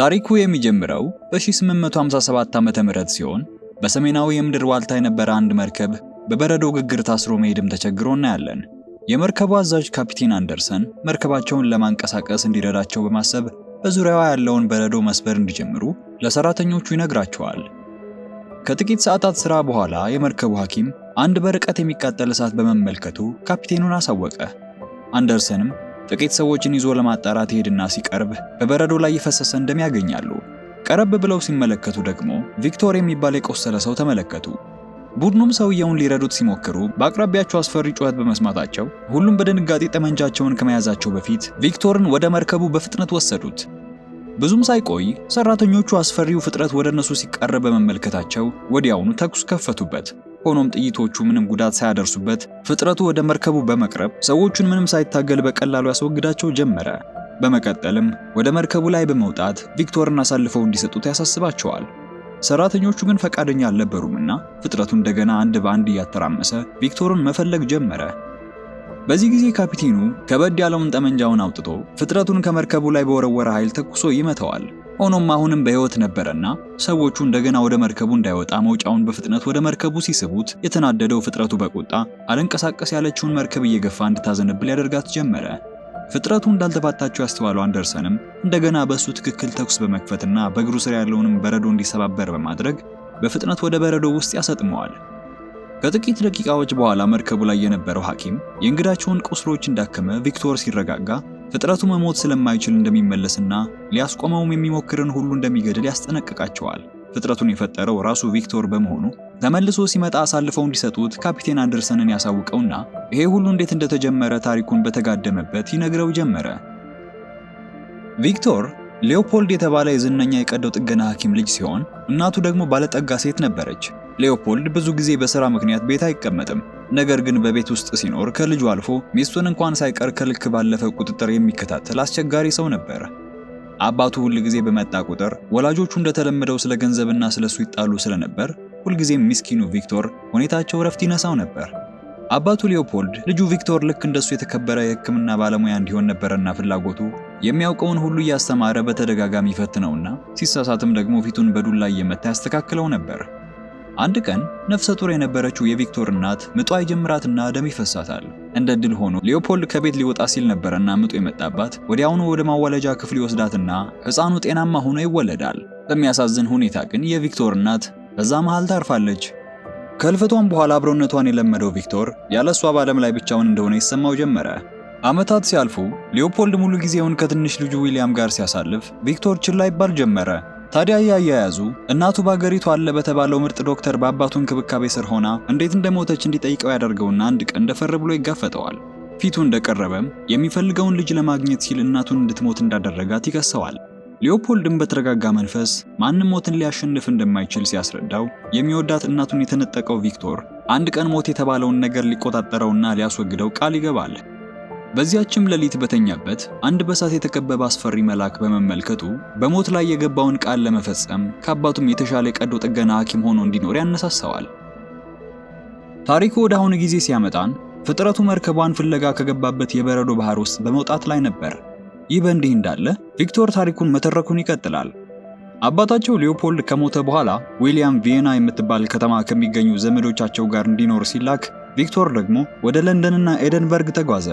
ታሪኩ የሚጀምረው በ1857 ዓ.ም ምህረት ሲሆን በሰሜናዊ የምድር ዋልታ የነበረ አንድ መርከብ በበረዶ ግግር ታስሮ መሄድም ተቸግሮ እናያለን። የመርከቡ አዛዥ ካፒቴን አንደርሰን መርከባቸውን ለማንቀሳቀስ እንዲረዳቸው በማሰብ በዙሪያዋ ያለውን በረዶ መስበር እንዲጀምሩ ለሰራተኞቹ ይነግራቸዋል። ከጥቂት ሰዓታት ስራ በኋላ የመርከቡ ሐኪም አንድ በርቀት የሚቃጠል እሳት በመመልከቱ ካፒቴኑን አሳወቀ። አንደርሰንም ጥቂት ሰዎችን ይዞ ለማጣራት ይሄድና ሲቀርብ በበረዶ ላይ የፈሰሰ እንደም ያገኛሉ። ቀረብ ብለው ሲመለከቱ ደግሞ ቪክቶር የሚባል የቆሰለ ሰው ተመለከቱ። ቡድኑም ሰውየውን ሊረዱት ሲሞክሩ በአቅራቢያቸው አስፈሪ ጩኸት በመስማታቸው ሁሉም በድንጋጤ ጠመንጃቸውን ከመያዛቸው በፊት ቪክቶርን ወደ መርከቡ በፍጥነት ወሰዱት። ብዙም ሳይቆይ ሰራተኞቹ አስፈሪው ፍጥረት ወደ እነሱ ሲቃረብ በመመልከታቸው ወዲያውኑ ተኩስ ከፈቱበት። ሆኖም ጥይቶቹ ምንም ጉዳት ሳያደርሱበት ፍጥረቱ ወደ መርከቡ በመቅረብ ሰዎቹን ምንም ሳይታገል በቀላሉ ያስወግዳቸው ጀመረ። በመቀጠልም ወደ መርከቡ ላይ በመውጣት ቪክቶርን አሳልፈው እንዲሰጡት ያሳስባቸዋል። ሰራተኞቹ ግን ፈቃደኛ አልነበሩምና ፍጥረቱ እንደገና አንድ በአንድ እያተራመሰ ቪክቶርን መፈለግ ጀመረ። በዚህ ጊዜ ካፒቴኑ ከበድ ያለውን ጠመንጃውን አውጥቶ ፍጥረቱን ከመርከቡ ላይ በወረወረ ኃይል ተኩሶ ይመተዋል። ሆኖም አሁንም በሕይወት ነበረና ሰዎቹ እንደገና ወደ መርከቡ እንዳይወጣ መውጫውን በፍጥነት ወደ መርከቡ ሲስቡት የተናደደው ፍጥረቱ በቁጣ አልንቀሳቀስ ያለችውን መርከብ እየገፋ እንድታዘንብል ያደርጋት ጀመረ። ፍጥረቱ እንዳልተባታቸው ያስተዋለው አንደርሰንም እንደገና በእሱ ትክክል ተኩስ በመክፈትና በእግሩ ስር ያለውንም በረዶ እንዲሰባበር በማድረግ በፍጥነት ወደ በረዶ ውስጥ ያሰጥመዋል። ከጥቂት ደቂቃዎች በኋላ መርከቡ ላይ የነበረው ሐኪም የእንግዳቸውን ቁስሎች እንዳከመ ቪክቶር ሲረጋጋ ፍጥረቱ መሞት ስለማይችል እንደሚመለስና ሊያስቆመውም የሚሞክርን ሁሉ እንደሚገድል ያስጠነቅቃቸዋል። ፍጥረቱን የፈጠረው ራሱ ቪክቶር በመሆኑ ተመልሶ ሲመጣ አሳልፈው እንዲሰጡት ካፒቴን አንደርሰንን ያሳውቀውና ይሄ ሁሉ እንዴት እንደተጀመረ ታሪኩን በተጋደመበት ይነግረው ጀመረ። ቪክቶር ሌኦፖልድ የተባለ የዝነኛ የቀዶ ጥገና ሐኪም ልጅ ሲሆን እናቱ ደግሞ ባለጠጋ ሴት ነበረች። ሌኦፖልድ ብዙ ጊዜ በሥራ ምክንያት ቤት አይቀመጥም። ነገር ግን በቤት ውስጥ ሲኖር ከልጁ አልፎ ሚስቱን እንኳን ሳይቀር ከልክ ባለፈ ቁጥጥር የሚከታተል አስቸጋሪ ሰው ነበር። አባቱ ሁል ጊዜ በመጣ ቁጥር ወላጆቹ እንደተለመደው ስለ ገንዘብና ስለ እሱ ይጣሉ ስለነበር ሁልጊዜም ሚስኪኑ ቪክቶር ሁኔታቸው ረፍት ይነሳው ነበር። አባቱ ሊዮፖልድ ልጁ ቪክቶር ልክ እንደሱ የተከበረ የሕክምና ባለሙያ እንዲሆን ነበረና ፍላጎቱ የሚያውቀውን ሁሉ እያስተማረ በተደጋጋሚ ይፈትነውና ሲሳሳትም ደግሞ ፊቱን በዱላ እየመታ ያስተካክለው ነበር። አንድ ቀን ነፍሰ ጡር የነበረችው የቪክቶር እናት ምጧ ይጀምራትና ደም ይፈሳታል። እንደ ድል ሆኖ ሊዮፖልድ ከቤት ሊወጣ ሲል ነበረና ምጡ የመጣባት ወዲያውኑ ወደ ማዋለጃ ክፍል ይወስዳትና ሕፃኑ ጤናማ ሆኖ ይወለዳል። በሚያሳዝን ሁኔታ ግን የቪክቶር እናት በዛ መሃል ታርፋለች። ከልፈቷን በኋላ አብሮነቷን የለመደው ቪክቶር ያለሷ በዓለም ላይ ብቻውን እንደሆነ ይሰማው ጀመረ። ዓመታት ሲያልፉ ሊዮፖልድ ሙሉ ጊዜውን ከትንሽ ልጁ ዊሊያም ጋር ሲያሳልፍ ቪክቶር ችላ ይባል ጀመረ። ታዲያ እያያያዙ እናቱ በአገሪቱ አለ በተባለው ምርጥ ዶክተር በአባቱ እንክብካቤ ስር ሆና እንዴት እንደሞተች እንዲጠይቀው ያደርገውና አንድ ቀን እንደፈር ብሎ ይጋፈጠዋል። ፊቱ እንደቀረበም የሚፈልገውን ልጅ ለማግኘት ሲል እናቱን እንድትሞት እንዳደረጋት ይከሰዋል። ሊዮፖልድን በተረጋጋ መንፈስ ማንም ሞትን ሊያሸንፍ እንደማይችል ሲያስረዳው የሚወዳት እናቱን የተነጠቀው ቪክቶር አንድ ቀን ሞት የተባለውን ነገር ሊቆጣጠረውና ሊያስወግደው ቃል ይገባል። በዚያችም ሌሊት በተኛበት አንድ በሳት የተከበበ አስፈሪ መልአክ በመመልከቱ በሞት ላይ የገባውን ቃል ለመፈጸም ከአባቱም የተሻለ ቀዶ ጥገና ሐኪም ሆኖ እንዲኖር ያነሳሰዋል። ታሪኩ ወደ አሁኑ ጊዜ ሲያመጣን ፍጥረቱ መርከቧን ፍለጋ ከገባበት የበረዶ ባህር ውስጥ በመውጣት ላይ ነበር። ይህ በእንዲህ እንዳለ ቪክቶር ታሪኩን መተረኩን ይቀጥላል። አባታቸው ሊዮፖልድ ከሞተ በኋላ ዊሊያም ቪየና የምትባል ከተማ ከሚገኙ ዘመዶቻቸው ጋር እንዲኖር ሲላክ ቪክቶር ደግሞ ወደ ለንደንና ኤደንበርግ ተጓዘ።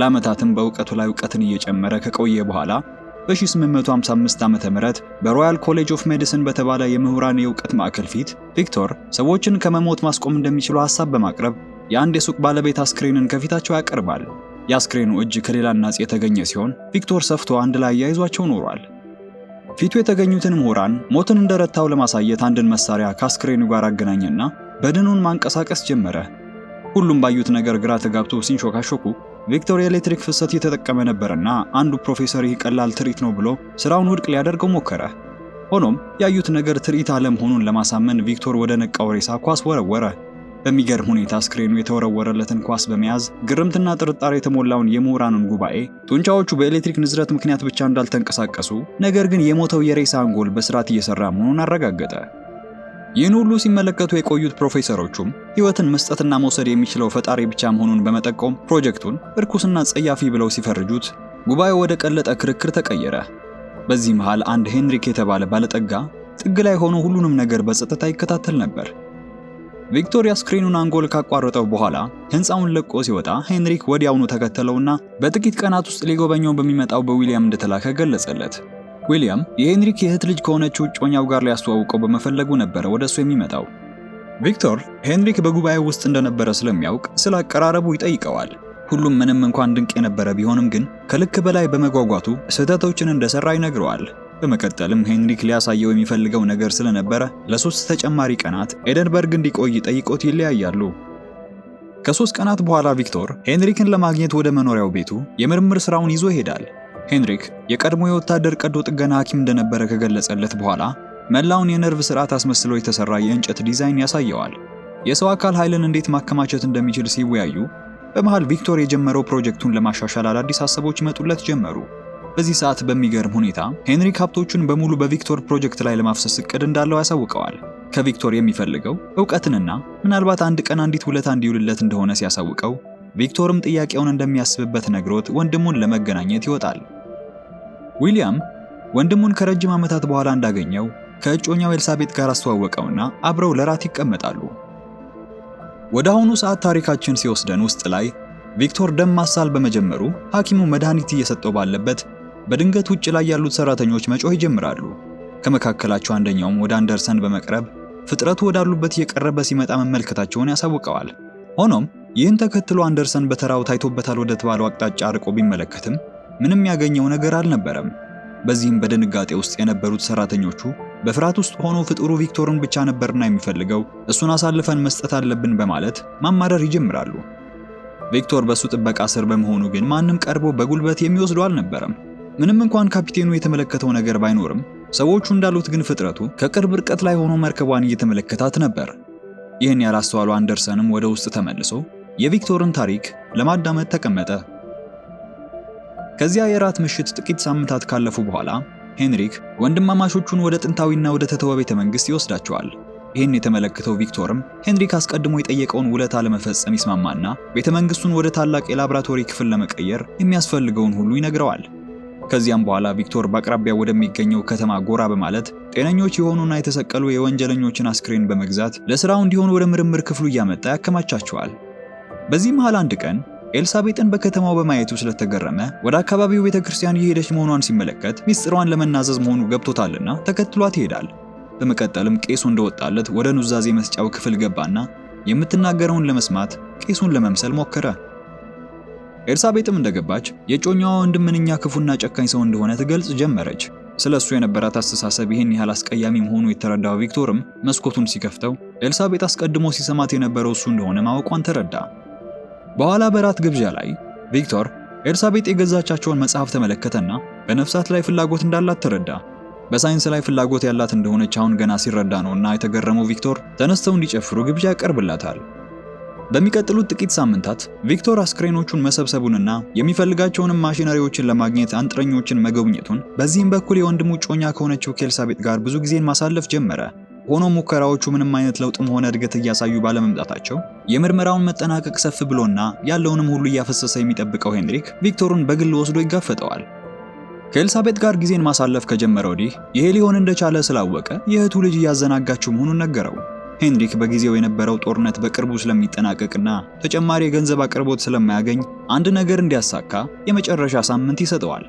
ለዓመታትም በእውቀቱ ላይ እውቀትን እየጨመረ ከቆየ በኋላ በ1855 ዓመተ ምህረት በሮያል ኮሌጅ ኦፍ ሜዲሲን በተባለ የምሁራን የእውቀት ማዕከል ፊት ቪክቶር ሰዎችን ከመሞት ማስቆም እንደሚችሉ ሐሳብ በማቅረብ የአንድ የሱቅ ባለቤት አስክሬንን ከፊታቸው ያቀርባል። የአስክሬኑ እጅ ከሌላ ናጽ የተገኘ ሲሆን ቪክቶር ሰፍቶ አንድ ላይ አያይዟቸው ኖሯል። ፊቱ የተገኙትን ምሁራን ሞትን እንደረታው ለማሳየት አንድን መሳሪያ ከአስክሬኑ ጋር አገናኘና በድኑን ማንቀሳቀስ ጀመረ። ሁሉም ባዩት ነገር ግራ ተጋብቶ ሲንሾካሾኩ ቪክቶር የኤሌክትሪክ ፍሰት እየተጠቀመ ነበርና አንዱ ፕሮፌሰር ይህ ቀላል ትርኢት ነው ብሎ ስራውን ውድቅ ሊያደርገው ሞከረ። ሆኖም ያዩት ነገር ትርኢት አለመሆኑን ለማሳመን ቪክቶር ወደ ነቃው ሬሳ ኳስ ወረወረ። በሚገርም ሁኔታ ስክሪኑ የተወረወረለትን ኳስ በመያዝ ግርምትና ጥርጣሬ የተሞላውን የምሁራኑን ጉባኤ ጡንቻዎቹ በኤሌክትሪክ ንዝረት ምክንያት ብቻ እንዳልተንቀሳቀሱ፣ ነገር ግን የሞተው የሬሳ አንጎል በስርዓት እየሰራ መሆኑን አረጋገጠ። ይህን ሁሉ ሲመለከቱ የቆዩት ፕሮፌሰሮቹም ሕይወትን መስጠትና መውሰድ የሚችለው ፈጣሪ ብቻ መሆኑን በመጠቆም ፕሮጀክቱን እርኩስና ጸያፊ ብለው ሲፈርጁት ጉባኤው ወደ ቀለጠ ክርክር ተቀየረ። በዚህ መሃል አንድ ሄንሪክ የተባለ ባለጠጋ ጥግ ላይ ሆኖ ሁሉንም ነገር በጸጥታ ይከታተል ነበር። ቪክቶሪያ ስክሪኑን አንጎል ካቋረጠው በኋላ ሕንፃውን ለቆ ሲወጣ ሄንሪክ ወዲያውኑ ተከተለውና በጥቂት ቀናት ውስጥ ሊጎበኘው በሚመጣው በዊሊያም እንደተላከ ገለጸለት። ዊሊያም የሄንሪክ የእህት ልጅ ከሆነችው እጮኛው ጋር ሊያስተዋውቀው በመፈለጉ ነበረ ወደ እሱ የሚመጣው። ቪክቶር ሄንሪክ በጉባኤው ውስጥ እንደነበረ ስለሚያውቅ ስለ አቀራረቡ ይጠይቀዋል። ሁሉም ምንም እንኳን ድንቅ የነበረ ቢሆንም ግን ከልክ በላይ በመጓጓቱ ስህተቶችን እንደሰራ ይነግረዋል። በመቀጠልም ሄንሪክ ሊያሳየው የሚፈልገው ነገር ስለነበረ ለሶስት ተጨማሪ ቀናት ኤደንበርግ እንዲቆይ ጠይቆት ይለያያሉ። ከሶስት ቀናት በኋላ ቪክቶር ሄንሪክን ለማግኘት ወደ መኖሪያው ቤቱ የምርምር ስራውን ይዞ ይሄዳል። ሄንሪክ የቀድሞ የወታደር ቀዶ ጥገና ሐኪም እንደነበረ ከገለጸለት በኋላ መላውን የነርቭ ስርዓት አስመስሎ የተሰራ የእንጨት ዲዛይን ያሳየዋል። የሰው አካል ኃይልን እንዴት ማከማቸት እንደሚችል ሲወያዩ በመሃል ቪክቶር የጀመረው ፕሮጀክቱን ለማሻሻል አዳዲስ ሀሳቦች ይመጡለት ጀመሩ። በዚህ ሰዓት በሚገርም ሁኔታ ሄንሪክ ሀብቶቹን በሙሉ በቪክቶር ፕሮጀክት ላይ ለማፍሰስ እቅድ እንዳለው ያሳውቀዋል። ከቪክቶር የሚፈልገው እውቀትንና ምናልባት አንድ ቀን አንዲት ውለታ እንዲውልለት እንደሆነ ሲያሳውቀው ቪክቶርም ጥያቄውን እንደሚያስብበት ነግሮት ወንድሙን ለመገናኘት ይወጣል። ዊሊያም ወንድሙን ከረጅም ዓመታት በኋላ እንዳገኘው ከእጮኛው ኤልሳቤጥ ጋር አስተዋወቀውና አብረው ለራት ይቀመጣሉ። ወደ አሁኑ ሰዓት ታሪካችን ሲወስደን ውስጥ ላይ ቪክቶር ደም ማሳል በመጀመሩ ሐኪሙ መድኃኒት እየሰጠው ባለበት በድንገት ውጭ ላይ ያሉት ሰራተኞች መጮህ ይጀምራሉ። ከመካከላቸው አንደኛውም ወደ አንደርሰን በመቅረብ ፍጥረቱ ወዳሉበት እየቀረበ ሲመጣ መመልከታቸውን ያሳውቀዋል። ሆኖም ይህን ተከትሎ አንደርሰን በተራው ታይቶበታል ወደ ተባለው አቅጣጫ አርቆ ቢመለከትም ምንም ያገኘው ነገር አልነበረም። በዚህም በድንጋጤ ውስጥ የነበሩት ሰራተኞቹ በፍርሃት ውስጥ ሆኖ ፍጡሩ ቪክቶርን ብቻ ነበርና የሚፈልገው እሱን አሳልፈን መስጠት አለብን በማለት ማማረር ይጀምራሉ። ቪክቶር በሱ ጥበቃ ስር በመሆኑ ግን ማንም ቀርቦ በጉልበት የሚወስደው አልነበረም። ምንም እንኳን ካፒቴኑ የተመለከተው ነገር ባይኖርም ሰዎቹ እንዳሉት ግን ፍጥረቱ ከቅርብ ርቀት ላይ ሆኖ መርከቧን እየተመለከታት ነበር። ይህን ያላስተዋሉ አንደርሰንም ወደ ውስጥ ተመልሶ የቪክቶርን ታሪክ ለማዳመጥ ተቀመጠ። ከዚያ የራት ምሽት ጥቂት ሳምንታት ካለፉ በኋላ ሄንሪክ ወንድማማቾቹን ወደ ጥንታዊና ወደ ተተወ ቤተ መንግስት ይወስዳቸዋል። ይህን የተመለከተው ቪክቶርም ሄንሪክ አስቀድሞ የጠየቀውን ውለታ ለመፈጸም ይስማማና ቤተ መንግስቱን ወደ ታላቅ የላብራቶሪ ክፍል ለመቀየር የሚያስፈልገውን ሁሉ ይነግረዋል። ከዚያም በኋላ ቪክቶር በአቅራቢያ ወደሚገኘው ከተማ ጎራ በማለት ጤነኞች የሆኑና የተሰቀሉ የወንጀለኞችን አስክሬን በመግዛት ለስራው እንዲሆን ወደ ምርምር ክፍሉ እያመጣ ያከማቻቸዋል። በዚህ መሃል አንድ ቀን ኤልሳቤጥን በከተማው በማየቱ ስለተገረመ ወደ አካባቢው ቤተ ክርስቲያን የሄደች መሆኗን ሲመለከት ሚስጥሯን ለመናዘዝ መሆኑ ገብቶታልና ተከትሏት ይሄዳል። በመቀጠልም ቄሱ እንደወጣለት ወደ ኑዛዜ መስጫው ክፍል ገባና የምትናገረውን ለመስማት ቄሱን ለመምሰል ሞከረ። ኤልሳቤጥም እንደገባች የጮኛዋ ወንድም ምንኛ ክፉና ጨካኝ ሰው እንደሆነ ትገልጽ ጀመረች። ስለ እሱ የነበራት አስተሳሰብ ይህን ያህል አስቀያሚ መሆኑ የተረዳው ቪክቶርም መስኮቱን ሲከፍተው ኤልሳቤጥ አስቀድሞ ሲሰማት የነበረው እሱ እንደሆነ ማወቋን ተረዳ። በኋላ በራት ግብዣ ላይ ቪክቶር ኤልሳቤጥ የገዛቻቸውን መጽሐፍ ተመለከተና በነፍሳት ላይ ፍላጎት እንዳላት ተረዳ። በሳይንስ ላይ ፍላጎት ያላት እንደሆነች አሁን ገና ሲረዳ እና የተገረመው ቪክቶር ተነስተው እንዲጨፍሩ ግብዣ ያቀርብላታል። በሚቀጥሉት ጥቂት ሳምንታት ቪክቶር አስክሬኖቹን መሰብሰቡንና የሚፈልጋቸውንም ማሽነሪዎችን ለማግኘት አንጥረኞችን መጎብኘቱን በዚህም በኩል የወንድሙ ጮኛ ከሆነችው ከኤልሳቤጥ ጋር ብዙ ጊዜን ማሳለፍ ጀመረ። ሆኖም ሙከራዎቹ ምንም አይነት ለውጥም ሆነ እድገት እያሳዩ ባለመምጣታቸው የምርመራውን መጠናቀቅ ሰፍ ብሎና ያለውንም ሁሉ እያፈሰሰ የሚጠብቀው ሄንሪክ ቪክቶርን በግል ወስዶ ይጋፈጠዋል። ከኤልሳቤጥ ጋር ጊዜን ማሳለፍ ከጀመረ ወዲህ ይሄ ሊሆን እንደቻለ ስላወቀ የእህቱ ልጅ እያዘናጋችው መሆኑን ነገረው። ሄንሪክ በጊዜው የነበረው ጦርነት በቅርቡ ስለሚጠናቀቅና ተጨማሪ የገንዘብ አቅርቦት ስለማያገኝ አንድ ነገር እንዲያሳካ የመጨረሻ ሳምንት ይሰጠዋል።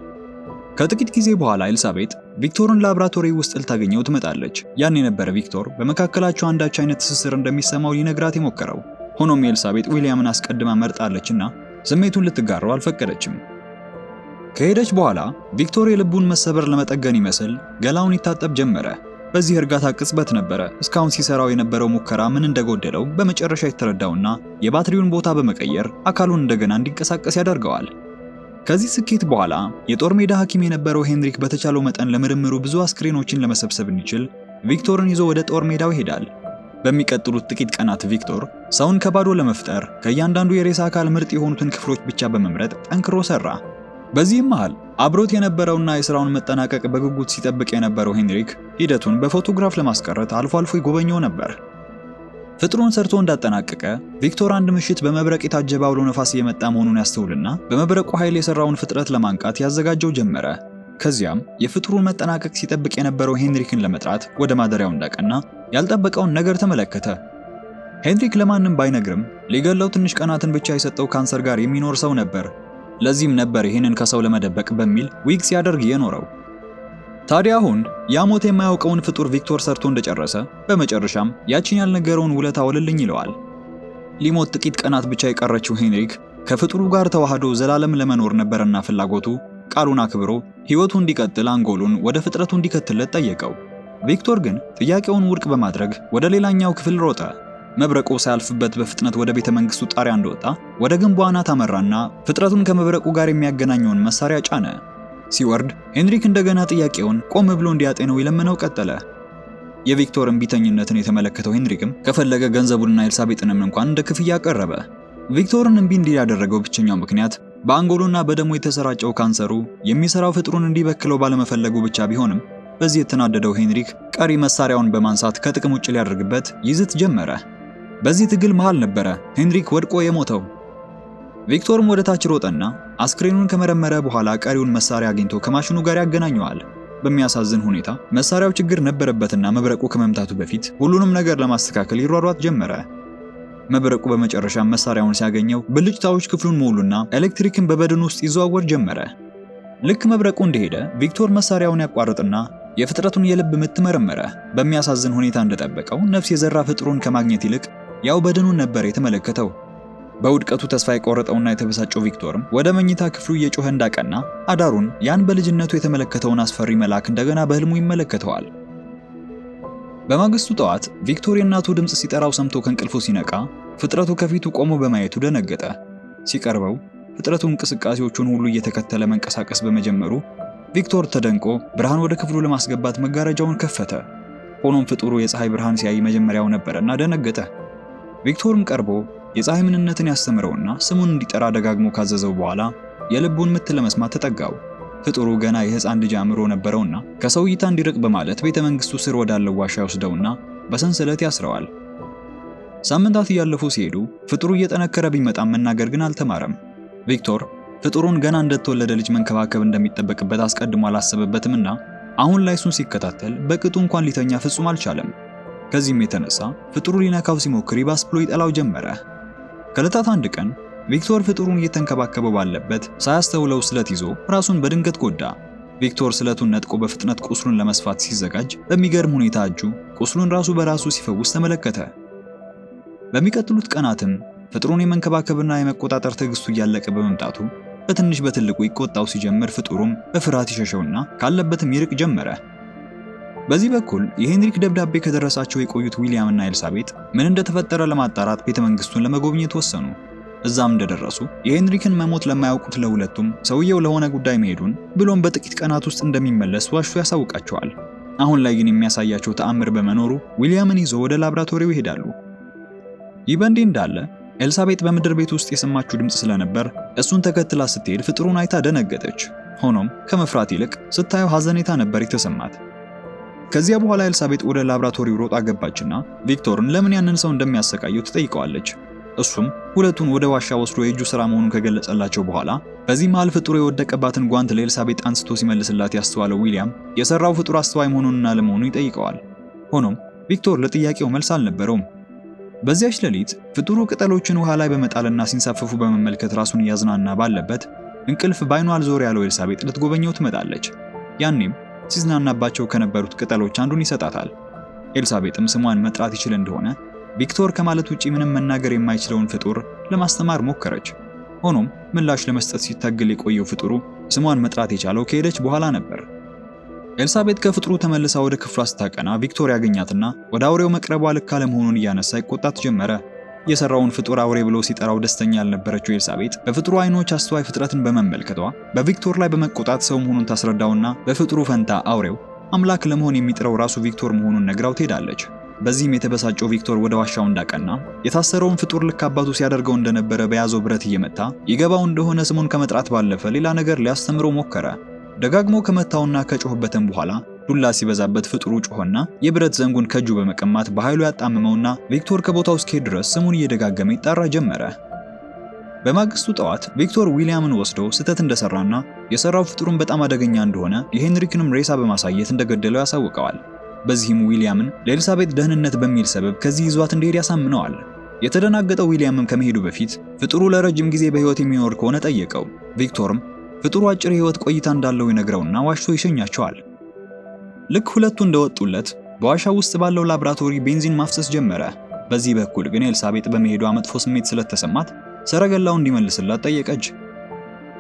ከጥቂት ጊዜ በኋላ ኤልሳቤጥ ቪክቶርን ላብራቶሪ ውስጥ ልታገኘው ትመጣለች። ያን የነበረ ቪክቶር በመካከላቸው አንዳች አይነት ትስስር እንደሚሰማው ሊነግራት የሞከረው ሆኖም የኤልሳቤጥ ዊሊያምን አስቀድማ መርጣለችና ስሜቱን ልትጋራው አልፈቀደችም። ከሄደች በኋላ ቪክቶር የልቡን መሰበር ለመጠገን ይመስል ገላውን ይታጠብ ጀመረ። በዚህ እርጋታ ቅጽበት ነበረ እስካሁን ሲሰራው የነበረው ሙከራ ምን እንደጎደለው በመጨረሻ የተረዳውና የባትሪውን ቦታ በመቀየር አካሉን እንደገና እንዲንቀሳቀስ ያደርገዋል። ከዚህ ስኬት በኋላ የጦር ሜዳ ሐኪም የነበረው ሄንሪክ በተቻለው መጠን ለምርምሩ ብዙ አስክሬኖችን ለመሰብሰብ እንዲችል ቪክቶርን ይዞ ወደ ጦር ሜዳው ይሄዳል። በሚቀጥሉት ጥቂት ቀናት ቪክቶር ሰውን ከባዶ ለመፍጠር ከእያንዳንዱ የሬሳ አካል ምርጥ የሆኑትን ክፍሎች ብቻ በመምረጥ ጠንክሮ ሰራ። በዚህም መሃል አብሮት የነበረውና የሥራውን መጠናቀቅ በጉጉት ሲጠብቅ የነበረው ሄንሪክ ሂደቱን በፎቶግራፍ ለማስቀረት አልፎ አልፎ ይጎበኘው ነበር። ፍጥሩን ሰርቶ እንዳጠናቀቀ ቪክቶር አንድ ምሽት በመብረቅ የታጀበ አውሎ ነፋስ እየመጣ መሆኑን ያስተውልና በመብረቁ ኃይል የሰራውን ፍጥረት ለማንቃት ያዘጋጀው ጀመረ። ከዚያም የፍጥሩን መጠናቀቅ ሲጠብቅ የነበረው ሄንሪክን ለመጥራት ወደ ማደሪያው እንዳቀና ያልጠበቀውን ነገር ተመለከተ። ሄንሪክ ለማንም ባይነግርም ሊገለው ትንሽ ቀናትን ብቻ የሰጠው ካንሰር ጋር የሚኖር ሰው ነበር። ለዚህም ነበር ይህንን ከሰው ለመደበቅ በሚል ዊግ ሲያደርግ የኖረው። ታዲያ አሁን ያ ሞት የማያውቀውን ፍጡር ቪክቶር ሰርቶ እንደጨረሰ በመጨረሻም ያችን ያልነገረውን ውለታ ውልልኝ ይለዋል። ሊሞት ጥቂት ቀናት ብቻ የቀረችው ሄንሪክ ከፍጡሩ ጋር ተዋህዶ ዘላለም ለመኖር ነበረና ፍላጎቱ ቃሉን አክብሮ ሕይወቱ እንዲቀጥል አንጎሉን ወደ ፍጥረቱ እንዲከትለት ጠየቀው። ቪክቶር ግን ጥያቄውን ውድቅ በማድረግ ወደ ሌላኛው ክፍል ሮጠ። መብረቁ ሳያልፍበት በፍጥነት ወደ ቤተ መንግስቱ ጣሪያ እንደወጣ ወደ ግንቡ አናት አመራና ፍጥረቱን ከመብረቁ ጋር የሚያገናኘውን መሳሪያ ጫነ። ሲወርድ ሄንሪክ እንደገና ጥያቄውን ቆም ብሎ እንዲያጤነው የለመነው ቀጠለ። የቪክቶርን ቢተኝነትን የተመለከተው ሄንሪክም ከፈለገ ገንዘቡንና ኤልሳቤጥንም እንኳን እንደ ክፍያ አቀረበ። ቪክቶርን እምቢ እንዲል ያደረገው ብቸኛው ምክንያት በአንጎሉና በደሙ የተሰራጨው ካንሰሩ የሚሰራው ፍጥሩን እንዲበክለው ባለመፈለጉ ብቻ ቢሆንም በዚህ የተናደደው ሄንሪክ ቀሪ መሳሪያውን በማንሳት ከጥቅም ውጭ ሊያደርግበት ይዝት ጀመረ። በዚህ ትግል መሃል ነበረ ሄንሪክ ወድቆ የሞተው። ቪክቶርም ወደ ታች ሮጠና አስክሬኑን ከመረመረ በኋላ ቀሪውን መሳሪያ አግኝቶ ከማሽኑ ጋር ያገናኘዋል። በሚያሳዝን ሁኔታ መሳሪያው ችግር ነበረበትና መብረቁ ከመምታቱ በፊት ሁሉንም ነገር ለማስተካከል ይሯሯጥ ጀመረ። መብረቁ በመጨረሻ መሳሪያውን ሲያገኘው ብልጭታዎች ክፍሉን ሞሉና ኤሌክትሪክን በበድን ውስጥ ይዘዋወር ጀመረ። ልክ መብረቁ እንደሄደ ቪክቶር መሳሪያውን ያቋርጥና የፍጥረቱን የልብ ምት መረመረ። በሚያሳዝን ሁኔታ እንደጠበቀው ነፍስ የዘራ ፍጥሩን ከማግኘት ይልቅ ያው በድኑን ነበር የተመለከተው። በውድቀቱ ተስፋ የቆረጠውና የተበሳጨው ቪክቶርም ወደ መኝታ ክፍሉ እየጮኸ እንዳቀና አዳሩን ያን በልጅነቱ የተመለከተውን አስፈሪ መልአክ እንደገና በህልሙ ይመለከተዋል። በማግስቱ ጠዋት ቪክቶር የእናቱ ድምፅ ሲጠራው ሰምቶ ከእንቅልፉ ሲነቃ ፍጥረቱ ከፊቱ ቆሞ በማየቱ ደነገጠ። ሲቀርበው ፍጥረቱ እንቅስቃሴዎቹን ሁሉ እየተከተለ መንቀሳቀስ በመጀመሩ ቪክቶር ተደንቆ ብርሃን ወደ ክፍሉ ለማስገባት መጋረጃውን ከፈተ። ሆኖም ፍጡሩ የፀሐይ ብርሃን ሲያይ መጀመሪያው ነበረና ደነገጠ። ቪክቶርም ቀርቦ የፀሐይ ምንነትን ያስተምረውና ስሙን እንዲጠራ ደጋግሞ ካዘዘው በኋላ የልቡን ምት ለመስማት ተጠጋው። ፍጡሩ ገና የህፃን ልጅ አእምሮ ነበረውና ከሰው እይታ እንዲርቅ በማለት ቤተ መንግስቱ ስር ወዳለው ዋሻ ይወስደውና በሰንሰለት ያስረዋል። ሳምንታት እያለፉ ሲሄዱ ፍጡሩ እየጠነከረ ቢመጣም መናገር ግን አልተማረም። ቪክቶር ፍጡሩን ገና እንደተወለደ ልጅ መንከባከብ እንደሚጠበቅበት አስቀድሞ አላሰበበትምና አሁን ላይ እሱን ሲከታተል በቅጡ እንኳን ሊተኛ ፍጹም አልቻለም። ከዚህም የተነሳ ፍጡሩ ሊነካው ሲሞክር ይባስ ብሎ ይጠላው ጀመረ። ከዕለታት አንድ ቀን ቪክቶር ፍጡሩን እየተንከባከበ ባለበት ሳያስተውለው ስለት ይዞ ራሱን በድንገት ጎዳ። ቪክቶር ስለቱን ነጥቆ በፍጥነት ቁስሉን ለመስፋት ሲዘጋጅ በሚገርም ሁኔታ እጁ ቁስሉን ራሱ በራሱ ሲፈውስ ተመለከተ። በሚቀጥሉት ቀናትም ፍጡሩን የመንከባከብና የመቆጣጠር ትዕግስቱ እያለቀ በመምጣቱ በትንሽ በትልቁ ይቆጣው ሲጀምር ፍጡሩም በፍርሃት ይሸሸውና ካለበትም ይርቅ ጀመረ። በዚህ በኩል የሄንሪክ ደብዳቤ ከደረሳቸው የቆዩት ዊሊያም እና ኤልሳቤጥ ምን እንደተፈጠረ ለማጣራት ቤተመንግስቱን ለመጎብኘት ወሰኑ። እዛም እንደደረሱ የሄንሪክን መሞት ለማያውቁት ለሁለቱም ሰውየው ለሆነ ጉዳይ መሄዱን ብሎም በጥቂት ቀናት ውስጥ እንደሚመለስ ዋሹ ያሳውቃቸዋል። አሁን ላይ ግን የሚያሳያቸው ተአምር በመኖሩ ዊሊያምን ይዞ ወደ ላብራቶሪው ይሄዳሉ። ይህ በእንዲህ እንዳለ ኤልሳቤጥ በምድር ቤት ውስጥ የሰማችው ድምፅ ስለነበር እሱን ተከትላ ስትሄድ ፍጥሩን አይታ ደነገጠች። ሆኖም ከመፍራት ይልቅ ስታየው ሐዘኔታ ነበር የተሰማት። ከዚያ በኋላ ኤልሳቤጥ ወደ ላብራቶሪው ሮጣ ገባችና ቪክቶርን ለምን ያንን ሰው እንደሚያሰቃየው ትጠይቀዋለች። እሱም ሁለቱን ወደ ዋሻ ወስዶ የእጁ ስራ መሆኑን ከገለጸላቸው በኋላ በዚህ መሃል ፍጡሩ የወደቀባትን ጓንት ለኤልሳቤጥ አንስቶ ሲመልስላት ያስተዋለው ዊሊያም የሰራው ፍጡር አስተዋይ መሆኑንና ለመሆኑ ይጠይቀዋል። ሆኖም ቪክቶር ለጥያቄው መልስ አልነበረውም። በዚያች ሌሊት ፍጡሩ ቅጠሎችን ውሃ ላይ በመጣልና ሲንሳፈፉ በመመልከት ራሱን እያዝናና ባለበት እንቅልፍ ባይኗ አልዞር ያለው ኤልሳቤጥ ልትጎበኘው ትመጣለች። ያኔም ሲዝናናባቸው ከነበሩት ቅጠሎች አንዱን ይሰጣታል። ኤልሳቤጥም ስሟን መጥራት ይችል እንደሆነ ቪክቶር ከማለት ውጪ ምንም መናገር የማይችለውን ፍጡር ለማስተማር ሞከረች። ሆኖም ምላሽ ለመስጠት ሲታገል የቆየው ፍጡሩ ስሟን መጥራት የቻለው ከሄደች በኋላ ነበር። ኤልሳቤጥ ከፍጡሩ ተመልሳ ወደ ክፍሏ ስታቀና ቪክቶር ያገኛትና ወደ አውሬው መቅረቧ ልክ አለመሆኑን እያነሳ ይቆጣት ጀመረ። የሰራውን ፍጡር አውሬ ብሎ ሲጠራው ደስተኛ ያልነበረችው ኤልሳቤጥ በፍጡሩ አይኖች አስተዋይ ፍጥረትን በመመልከቷ በቪክቶር ላይ በመቆጣት ሰው መሆኑን ታስረዳውና በፍጡሩ ፈንታ አውሬው አምላክ ለመሆን የሚጥረው ራሱ ቪክቶር መሆኑን ነግራው ትሄዳለች። በዚህም የተበሳጨው ቪክቶር ወደ ዋሻው እንዳቀና የታሰረውን ፍጡር ልክ አባቱ ሲያደርገው እንደነበረ በያዘው ብረት እየመታ ይገባው እንደሆነ ስሙን ከመጥራት ባለፈ ሌላ ነገር ሊያስተምረው ሞከረ። ደጋግሞ ከመታውና ከጮህበትም በኋላ ዱላ ሲበዛበት ፍጥሩ ጮሆና የብረት ዘንጉን ከእጁ በመቀማት በኃይሉ ያጣምመውና ቪክቶር ከቦታው እስኪሄድ ድረስ ስሙን እየደጋገመ ይጣራ ጀመረ። በማግስቱ ጠዋት ቪክቶር ዊሊያምን ወስዶ ስህተት እንደሰራና የሰራው ፍጥሩን በጣም አደገኛ እንደሆነ የሄንሪክንም ሬሳ በማሳየት እንደገደለው ያሳውቀዋል። በዚህም ዊሊያምን ለኤልሳቤት ደህንነት በሚል ሰበብ ከዚህ ይዟት እንዲሄድ ያሳምነዋል። የተደናገጠው ዊሊያምም ከመሄዱ በፊት ፍጥሩ ለረጅም ጊዜ በሕይወት የሚኖር ከሆነ ጠየቀው። ቪክቶርም ፍጥሩ አጭር የሕይወት ቆይታ እንዳለው ይነግረውና ዋሽቶ ይሸኛቸዋል። ልክ ሁለቱ እንደወጡለት በዋሻው ውስጥ ባለው ላብራቶሪ ቤንዚን ማፍሰስ ጀመረ። በዚህ በኩል ግን ኤልሳቤጥ በመሄዷ መጥፎ ስሜት ስለተሰማት ሰረገላው እንዲመልስላት ጠየቀች።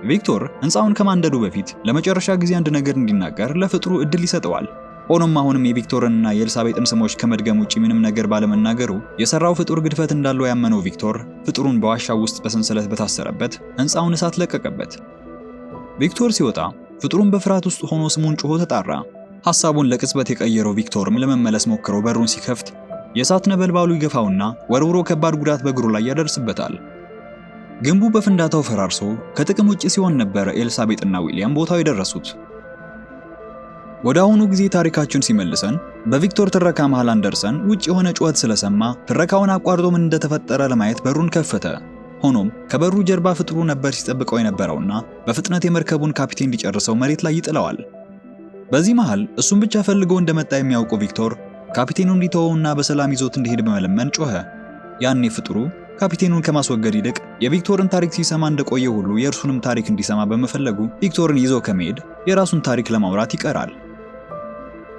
ቪክቶር ሕንፃውን ከማንደዱ በፊት ለመጨረሻ ጊዜ አንድ ነገር እንዲናገር ለፍጥሩ እድል ይሰጠዋል። ሆኖም አሁንም የቪክቶርንና የኤልሳቤጥን ስሞች ከመድገም ውጪ ምንም ነገር ባለመናገሩ የሰራው ፍጡር ግድፈት እንዳለው ያመነው ቪክቶር ፍጡሩን በዋሻው ውስጥ በሰንሰለት በታሰረበት ሕንፃውን እሳት ለቀቀበት። ቪክቶር ሲወጣ ፍጡሩን በፍርሃት ውስጥ ሆኖ ስሙን ጮሆ ተጣራ። ሐሳቡን ለቅጽበት የቀየረው ቪክቶርም ለመመለስ ሞክሮ በሩን ሲከፍት የእሳት ነበልባሉ ይገፋውና ወርውሮ ከባድ ጉዳት በእግሩ ላይ ያደርስበታል። ግንቡ በፍንዳታው ፈራርሶ ከጥቅም ውጭ ሲሆን ነበረ ኤልሳቤጥና ዊሊያም ቦታው የደረሱት። ወደ አሁኑ ጊዜ ታሪካችን ሲመልሰን በቪክቶር ትረካ መሃል አንደርሰን ውጭ የሆነ ጩኸት ስለሰማ ትረካውን አቋርጦ ምን እንደተፈጠረ ለማየት በሩን ከፈተ። ሆኖም ከበሩ ጀርባ ፍጥሩ ነበር ሲጠብቀው የነበረውና በፍጥነት የመርከቡን ካፒቴን እንዲጨርሰው መሬት ላይ ይጥለዋል። በዚህ መሃል እሱን ብቻ ፈልጎ እንደመጣ የሚያውቀው ቪክቶር ካፒቴኑ እንዲተወውና በሰላም ይዞት እንዲሄድ በመለመን ጮኸ። ያኔ ፍጥሩ ካፒቴኑን ከማስወገድ ይልቅ የቪክቶርን ታሪክ ሲሰማ እንደቆየ ሁሉ የእርሱንም ታሪክ እንዲሰማ በመፈለጉ ቪክቶርን ይዞ ከመሄድ የራሱን ታሪክ ለማውራት ይቀራል።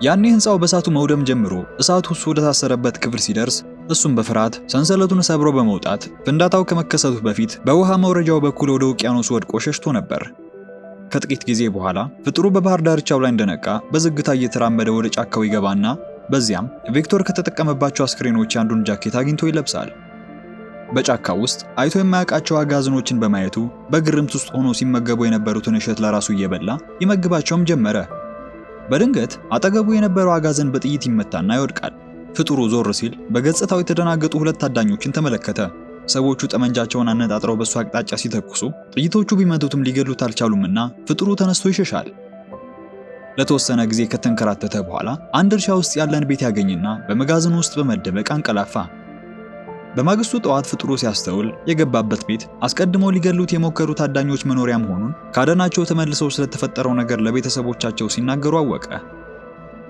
ያኔ ህንፃው በእሳቱ መውደም ጀምሮ እሳቱ እሱ ወደታሰረበት ክፍል ሲደርስ እሱም በፍርሃት ሰንሰለቱን ሰብሮ በመውጣት ፍንዳታው ከመከሰቱ በፊት በውሃ መውረጃው በኩል ወደ ውቅያኖስ ወድቆ ሸሽቶ ነበር። ከጥቂት ጊዜ በኋላ ፍጥሩ በባህር ዳርቻው ላይ እንደነቃ በዝግታ እየተራመደ ወደ ጫካው ይገባና በዚያም ቪክቶር ከተጠቀመባቸው አስክሬኖች አንዱን ጃኬት አግኝቶ ይለብሳል። በጫካው ውስጥ አይቶ የማያውቃቸው አጋዘኖችን በማየቱ በግርምት ውስጥ ሆኖ ሲመገቡ የነበሩትን እሸት ለራሱ እየበላ ይመግባቸውም ጀመረ። በድንገት አጠገቡ የነበረው አጋዘን በጥይት ይመታና ይወድቃል። ፍጡሩ ዞር ሲል በገጽታው የተደናገጡ ሁለት ታዳኞችን ተመለከተ። ሰዎቹ ጠመንጃቸውን አነጣጥረው በእሱ አቅጣጫ ሲተኩሱ ጥይቶቹ ቢመቱትም ሊገድሉት አልቻሉምና ፍጥሩ ተነስቶ ይሸሻል። ለተወሰነ ጊዜ ከተንከራተተ በኋላ አንድ እርሻ ውስጥ ያለን ቤት ያገኝና በመጋዘኑ ውስጥ በመደበቅ አንቀላፋ። በማግስቱ ጠዋት ፍጥሩ ሲያስተውል የገባበት ቤት አስቀድሞ ሊገድሉት የሞከሩ ታዳኞች መኖሪያ መሆኑን ካደናቸው ተመልሰው ስለተፈጠረው ነገር ለቤተሰቦቻቸው ሲናገሩ አወቀ።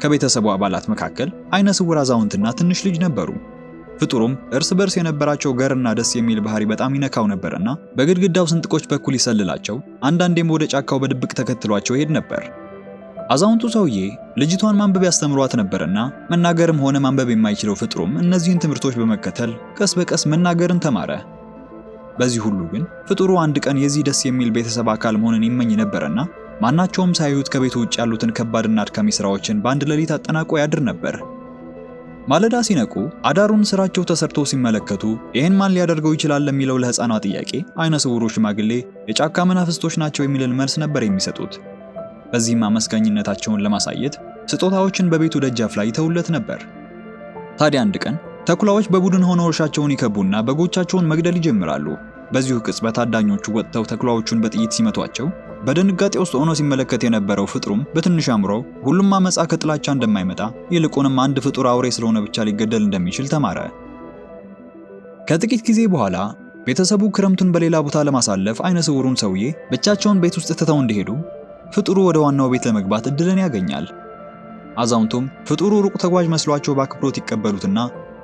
ከቤተሰቡ አባላት መካከል አይነ ስውር አዛውንትና ትንሽ ልጅ ነበሩ። ፍጡሩም እርስ በርስ የነበራቸው ገርና ደስ የሚል ባህሪ በጣም ይነካው ነበርና በግድግዳው ስንጥቆች በኩል ይሰልላቸው፣ አንዳንዴም ወደ ጫካው በድብቅ ተከትሏቸው ይሄድ ነበር። አዛውንቱ ሰውዬ ልጅቷን ማንበብ ያስተምሯት ነበርና መናገርም ሆነ ማንበብ የማይችለው ፍጡሩም እነዚህን ትምህርቶች በመከተል ቀስ በቀስ መናገርን ተማረ። በዚህ ሁሉ ግን ፍጡሩ አንድ ቀን የዚህ ደስ የሚል ቤተሰብ አካል መሆንን ይመኝ ነበርና ማናቸውም ሳያዩት ከቤቱ ውጭ ያሉትን ከባድና አድካሚ ስራዎችን በአንድ ሌሊት አጠናቆ ያድር ነበር። ማለዳ ሲነቁ አዳሩን ስራቸው ተሰርቶ ሲመለከቱ ይህን ማን ሊያደርገው ይችላል ለሚለው ለህፃናት ጥያቄ አይነ ስውሩ ሽማግሌ የጫካ መናፍስቶች ናቸው የሚልን መልስ ነበር የሚሰጡት። በዚህም አመስጋኝነታቸውን ለማሳየት ስጦታዎችን በቤቱ ደጃፍ ላይ ይተውለት ነበር። ታዲያ አንድ ቀን ተኩላዎች በቡድን ሆነው እርሻቸውን ይከቡና በጎቻቸውን መግደል ይጀምራሉ። በዚሁ ቅጽበት አዳኞቹ ወጥተው ተኩላዎቹን በጥይት ሲመቷቸው በድንጋጤ ውስጥ ሆኖ ሲመለከት የነበረው ፍጥሩም በትንሽ አምሮ ሁሉም አመፃ ከጥላቻ እንደማይመጣ ይልቁንም አንድ ፍጡር አውሬ ስለሆነ ብቻ ሊገደል እንደሚችል ተማረ። ከጥቂት ጊዜ በኋላ ቤተሰቡ ክረምቱን በሌላ ቦታ ለማሳለፍ አይነ ስውሩን ሰውዬ ብቻቸውን ቤት ውስጥ ትተው እንዲሄዱ ፍጡሩ ወደ ዋናው ቤት ለመግባት እድልን ያገኛል። አዛውንቱም ፍጡሩ ሩቅ ተጓዥ መስሏቸው በአክብሮት ይቀበሉትና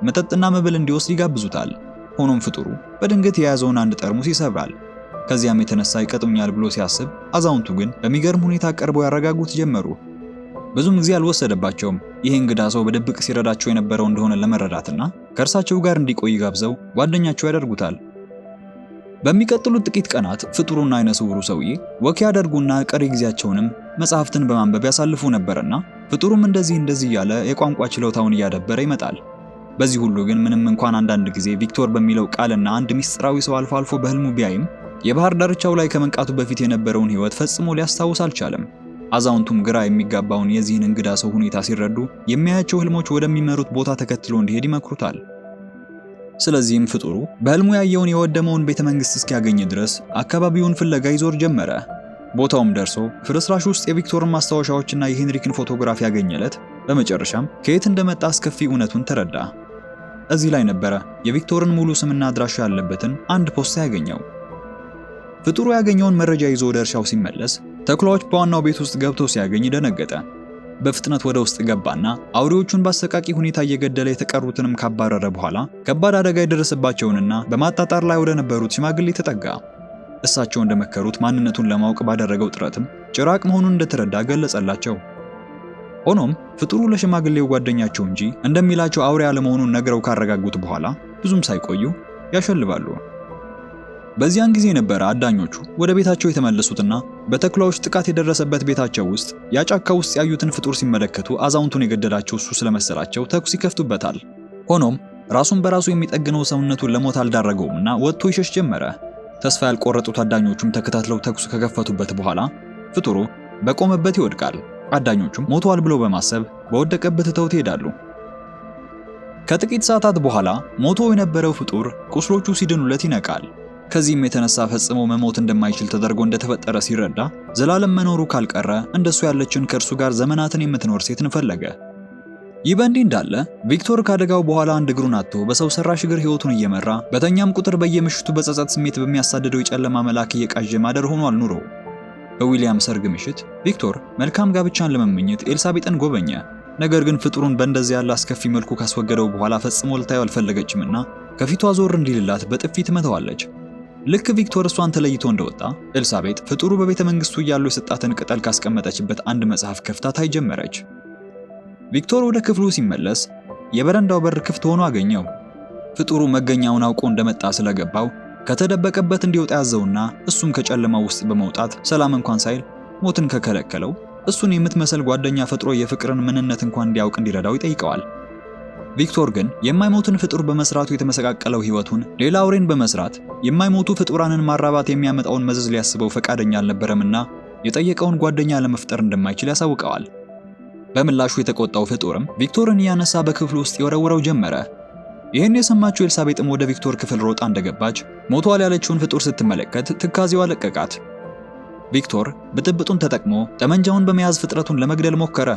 መጠጥና መብል እንዲወስድ ይጋብዙታል። ሆኖም ፍጡሩ በድንገት የያዘውን አንድ ጠርሙስ ይሰብራል። ከዚያም የተነሳ ይቀጥኛል ብሎ ሲያስብ አዛውንቱ ግን በሚገርም ሁኔታ ቀርበው ያረጋጉት ጀመሩ። ብዙም ጊዜ አልወሰደባቸውም። ይህ እንግዳ ሰው በድብቅ ሲረዳቸው የነበረው እንደሆነ ለመረዳትና ከእርሳቸው ጋር እንዲቆይ ጋብዘው ጓደኛቸው ያደርጉታል። በሚቀጥሉት ጥቂት ቀናት ፍጡሩና አይነ ስውሩ ሰውዬ ወክ ያደርጉና ቀሪ ጊዜያቸውንም መጽሐፍትን በማንበብ ያሳልፉ ነበርና ፍጡሩም እንደዚህ እንደዚህ እያለ የቋንቋ ችሎታውን እያደበረ ይመጣል። በዚህ ሁሉ ግን ምንም እንኳን አንዳንድ ጊዜ ቪክቶር በሚለው ቃልና አንድ ሚስጥራዊ ሰው አልፎ አልፎ በህልሙ ቢያይም የባህር ዳርቻው ላይ ከመንቃቱ በፊት የነበረውን ህይወት ፈጽሞ ሊያስታውስ አልቻለም። አዛውንቱም ግራ የሚጋባውን የዚህን እንግዳ ሰው ሁኔታ ሲረዱ የሚያያቸው ህልሞች ወደሚመሩት ቦታ ተከትሎ እንዲሄድ ይመክሩታል። ስለዚህም ፍጡሩ በህልሙ ያየውን የወደመውን ቤተ መንግስት እስኪያገኝ ድረስ አካባቢውን ፍለጋ ይዞር ጀመረ። ቦታውም ደርሶ ፍርስራሽ ውስጥ የቪክቶርን ማስታወሻዎችና የሄንሪክን ፎቶግራፍ ያገኘለት በመጨረሻም ከየት እንደመጣ አስከፊ እውነቱን ተረዳ። እዚህ ላይ ነበረ የቪክቶርን ሙሉ ስምና አድራሻ ያለበትን አንድ ፖስታ ያገኘው። ፍጡሩ ያገኘውን መረጃ ይዞ ወደ እርሻው ሲመለስ ተኩላዎች በዋናው ቤት ውስጥ ገብተው ሲያገኝ ደነገጠ። በፍጥነት ወደ ውስጥ ገባና አውሬዎቹን በአሰቃቂ ሁኔታ እየገደለ የተቀሩትንም ካባረረ በኋላ ከባድ አደጋ የደረሰባቸውንና በማጣጣር ላይ ወደ ነበሩት ሽማግሌ ተጠጋ። እሳቸው እንደመከሩት ማንነቱን ለማወቅ ባደረገው ጥረትም ጭራቅ መሆኑን እንደተረዳ ገለጸላቸው። ሆኖም ፍጡሩ ለሽማግሌው ጓደኛቸው እንጂ እንደሚላቸው አውሬ አለመሆኑን ነግረው ካረጋጉት በኋላ ብዙም ሳይቆዩ ያሸልባሉ። በዚያን ጊዜ ነበር አዳኞቹ ወደ ቤታቸው የተመለሱትና በተኩላዎች ጥቃት የደረሰበት ቤታቸው ውስጥ ያጫካ ውስጥ ያዩትን ፍጡር ሲመለከቱ አዛውንቱን የገደላቸው እሱ ስለመሰላቸው ተኩስ ይከፍቱበታል። ሆኖም ራሱን በራሱ የሚጠግነው ሰውነቱን ለሞት አልዳረገውምና ወጥቶ ይሸሽ ጀመረ። ተስፋ ያልቆረጡት አዳኞቹም ተከታትለው ተኩስ ከከፈቱበት በኋላ ፍጡሩ በቆመበት ይወድቃል። አዳኞቹም ሞቷል ብሎ በማሰብ በወደቀበት ተውት ይሄዳሉ። ከጥቂት ሰዓታት በኋላ ሞቶ የነበረው ፍጡር ቁስሎቹ ሲድኑለት ይነቃል። ከዚህም የተነሳ ፈጽሞ መሞት እንደማይችል ተደርጎ እንደተፈጠረ ሲረዳ ዘላለም መኖሩ ካልቀረ እንደሱ ያለችን ከእርሱ ጋር ዘመናትን የምትኖር ሴትን ፈለገ። ይህ በእንዲህ እንዳለ ቪክቶር ካደጋው በኋላ አንድ እግሩን አጥቶ በሰው ሰራሽ እግር ህይወቱን እየመራ በተኛም ቁጥር በየምሽቱ በጸጸት ስሜት በሚያሳድደው የጨለማ መልአክ እየቃዠ ማደር ሆኗል ኑሮው። በዊሊያም ሰርግ ምሽት ቪክቶር መልካም ጋብቻን ለመመኘት ኤልሳቤጥን ጎበኘ። ነገር ግን ፍጥሩን በእንደዚህ ያለ አስከፊ መልኩ ካስወገደው በኋላ ፈጽሞ ልታየው አልፈለገችምና ከፊቷ ዞር እንዲልላት በጥፊ ትመተዋለች። ልክ ቪክቶር እሷን ተለይቶ እንደወጣ ኤልሳቤጥ ፍጡሩ በቤተ መንግስቱ እያሉ የሰጣትን ቅጠል ካስቀመጠችበት አንድ መጽሐፍ ከፍታ ታይ ጀመረች። ቪክቶር ወደ ክፍሉ ሲመለስ የበረንዳው በር ክፍት ሆኖ አገኘው። ፍጡሩ መገኛውን አውቆ እንደመጣ ስለገባው ከተደበቀበት እንዲወጣ ያዘውና እሱም ከጨለማ ውስጥ በመውጣት ሰላም እንኳን ሳይል ሞትን ከከለከለው እሱን የምትመስል ጓደኛ ፈጥሮ የፍቅርን ምንነት እንኳን እንዲያውቅ እንዲረዳው ይጠይቀዋል። ቪክቶር ግን የማይሞትን ፍጡር በመስራቱ የተመሰቃቀለው ህይወቱን ሌላ አውሬን በመስራት የማይሞቱ ፍጡራንን ማራባት የሚያመጣውን መዘዝ ሊያስበው ፈቃደኛ አልነበረምና የጠየቀውን ጓደኛ ለመፍጠር እንደማይችል ያሳውቀዋል። በምላሹ የተቆጣው ፍጡርም ቪክቶርን እያነሳ በክፍሉ ውስጥ ይወረውረው ጀመረ። ይህን የሰማችው ኤልሳቤጥም ወደ ቪክቶር ክፍል ሮጣ እንደገባች ሞቷል ያለችውን ፍጡር ስትመለከት ትካዜዋ ለቀቃት። ቪክቶር ብጥብጡን ተጠቅሞ ጠመንጃውን በመያዝ ፍጥረቱን ለመግደል ሞከረ።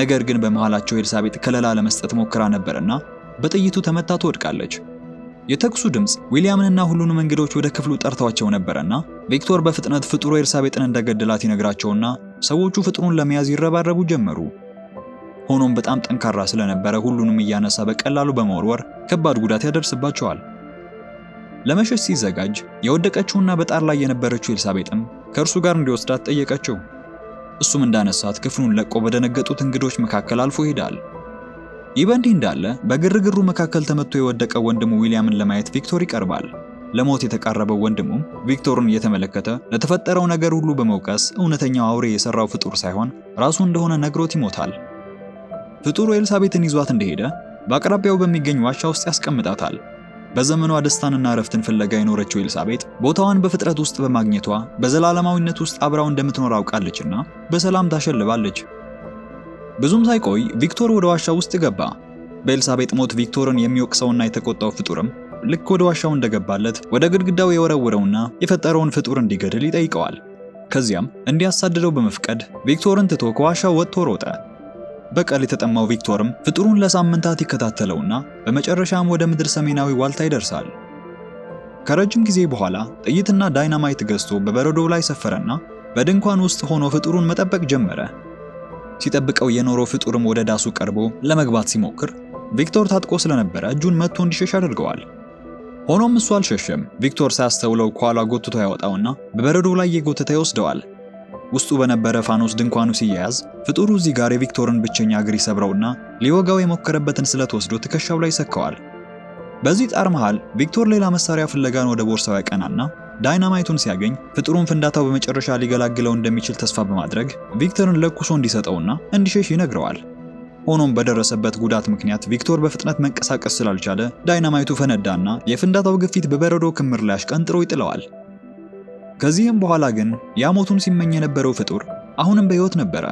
ነገር ግን በመሃላቸው ኤልሳቤጥ ከለላ ለመስጠት ሞክራ ነበርና በጥይቱ ተመታ ትወድቃለች። የተኩሱ ድምፅ ዊሊያምንና ሁሉንም እንግዶች ወደ ክፍሉ ጠርተዋቸው ነበረና ቪክቶር በፍጥነት ፍጡሩ ኤልሳቤጥን እንደገደላት ይነግራቸውና ሰዎቹ ፍጡሩን ለመያዝ ይረባረቡ ጀመሩ። ሆኖም በጣም ጠንካራ ስለነበረ ሁሉንም እያነሳ በቀላሉ በመወርወር ከባድ ጉዳት ያደርስባቸዋል። ለመሸሽ ሲዘጋጅ የወደቀችውና በጣር ላይ የነበረችው ኤልሳቤጥም ከእርሱ ጋር እንዲወስዳት ጠየቀችው። እሱም እንዳነሳት ክፍሉን ለቆ በደነገጡት እንግዶች መካከል አልፎ ይሄዳል። ይህ በእንዲህ እንዳለ በግርግሩ መካከል ተመቶ የወደቀው ወንድሙ ዊሊያምን ለማየት ቪክቶር ይቀርባል። ለሞት የተቃረበው ወንድሙም ቪክቶርን እየተመለከተ ለተፈጠረው ነገር ሁሉ በመውቀስ እውነተኛው አውሬ የሰራው ፍጡር ሳይሆን ራሱ እንደሆነ ነግሮት ይሞታል። ፍጡሩ ኤልሳቤትን ይዟት እንደሄደ በአቅራቢያው በሚገኝ ዋሻ ውስጥ ያስቀምጣታል። በዘመኗ ደስታንና እረፍትን ፍለጋ የኖረችው ኤልሳቤጥ ቦታዋን በፍጥረት ውስጥ በማግኘቷ በዘላለማዊነት ውስጥ አብራው እንደምትኖር አውቃለችና በሰላም ታሸልባለች። ብዙም ሳይቆይ ቪክቶር ወደ ዋሻው ውስጥ ገባ። በኤልሳቤጥ ሞት ቪክቶርን የሚወቅሰውና የተቆጣው ፍጡርም ልክ ወደ ዋሻው እንደገባለት ወደ ግድግዳው የወረወረውና የፈጠረውን ፍጡር እንዲገድል ይጠይቀዋል። ከዚያም እንዲያሳድደው በመፍቀድ ቪክቶርን ትቶ ከዋሻው ወጥቶ ሮጠ። በቀል የተጠማው ቪክቶርም ፍጡሩን ለሳምንታት ይከታተለውና በመጨረሻም ወደ ምድር ሰሜናዊ ዋልታ ይደርሳል። ከረጅም ጊዜ በኋላ ጥይትና ዳይናማይት ገዝቶ በበረዶው ላይ ሰፈረና በድንኳን ውስጥ ሆኖ ፍጡሩን መጠበቅ ጀመረ። ሲጠብቀው የኖረው ፍጡርም ወደ ዳሱ ቀርቦ ለመግባት ሲሞክር ቪክቶር ታጥቆ ስለነበረ እጁን መጥቶ እንዲሸሽ አድርገዋል። ሆኖም እሱ አልሸሸም። ቪክቶር ሳያስተውለው ከኋላ ጎትቶ ያወጣውና በበረዶው ላይ እየጎተተ ይወስደዋል። ውስጡ በነበረ ፋኖስ ድንኳኑ ሲያያዝ ፍጡሩ እዚህ ጋር የቪክቶርን ብቸኛ እግር ይሰብረውና ሊወጋው የሞከረበትን ስለት ወስዶ ትከሻው ላይ ይሰካዋል። በዚህ ጣር መሃል ቪክቶር ሌላ መሳሪያ ፍለጋን ወደ ቦርሳው ያቀናና ዳይናማይቱን ሲያገኝ ፍጡሩን ፍንዳታው በመጨረሻ ሊገላግለው እንደሚችል ተስፋ በማድረግ ቪክተርን ለኩሶ እንዲሰጠውና እንዲሸሽ ይነግረዋል። ሆኖም በደረሰበት ጉዳት ምክንያት ቪክቶር በፍጥነት መንቀሳቀስ ስላልቻለ ዳይናማይቱ ፈነዳና የፍንዳታው ግፊት በበረዶ ክምር ላይ አሽቀንጥሮ ይጥለዋል። ከዚህም በኋላ ግን ያ ሞቱን ሲመኝ የነበረው ፍጡር አሁንም በሕይወት ነበረ።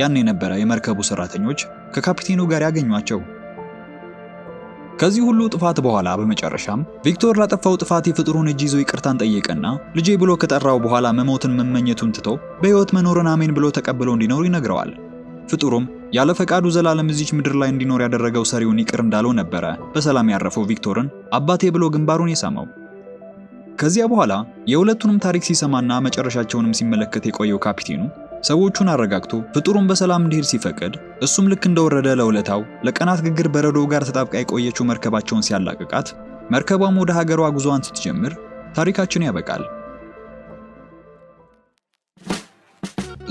ያን የነበረ የመርከቡ ሰራተኞች ከካፒቴኑ ጋር ያገኟቸው። ከዚህ ሁሉ ጥፋት በኋላ በመጨረሻም ቪክቶር ላጠፋው ጥፋት የፍጡሩን እጅ ይዞ ይቅርታን ጠየቀና ልጄ ብሎ ከጠራው በኋላ መሞትን መመኘቱን ትቶ በሕይወት መኖርን አሜን ብሎ ተቀብሎ እንዲኖር ይነግረዋል። ፍጡሩም ያለ ፈቃዱ ዘላለም እዚች ምድር ላይ እንዲኖር ያደረገው ሰሪውን ይቅር እንዳለው ነበረ በሰላም ያረፈው ቪክቶርን አባቴ ብሎ ግንባሩን የሳመው። ከዚያ በኋላ የሁለቱንም ታሪክ ሲሰማና መጨረሻቸውንም ሲመለከት የቆየው ካፒቴኑ ሰዎቹን አረጋግቶ ፍጡሩን በሰላም እንዲሄድ ሲፈቅድ እሱም ልክ እንደወረደ ለውለታው ለቀናት ግግር በረዶው ጋር ተጣብቃ የቆየችው መርከባቸውን ሲያላቅቃት መርከቧም ወደ ሀገሯ ጉዞዋን ስትጀምር ታሪካችን ያበቃል።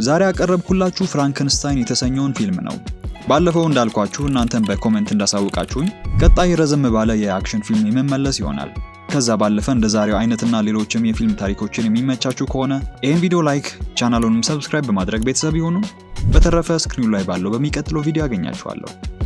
ዛሬ ያቀረብኩላችሁ ፍራንከንስታይን የተሰኘውን ፊልም ነው። ባለፈው እንዳልኳችሁ እናንተን በኮሜንት እንዳሳውቃችሁኝ ቀጣይ ረዘም ባለ የአክሽን ፊልም የመመለስ ይሆናል። ከዛ ባለፈ እንደ ዛሬው አይነትና ሌሎችም የፊልም ታሪኮችን የሚመቻችሁ ከሆነ ይህን ቪዲዮ ላይክ፣ ቻናሉንም ሰብስክራይብ በማድረግ ቤተሰብ ይሆኑ። በተረፈ ስክሪኑ ላይ ባለው በሚቀጥለው ቪዲዮ አገኛችኋለሁ።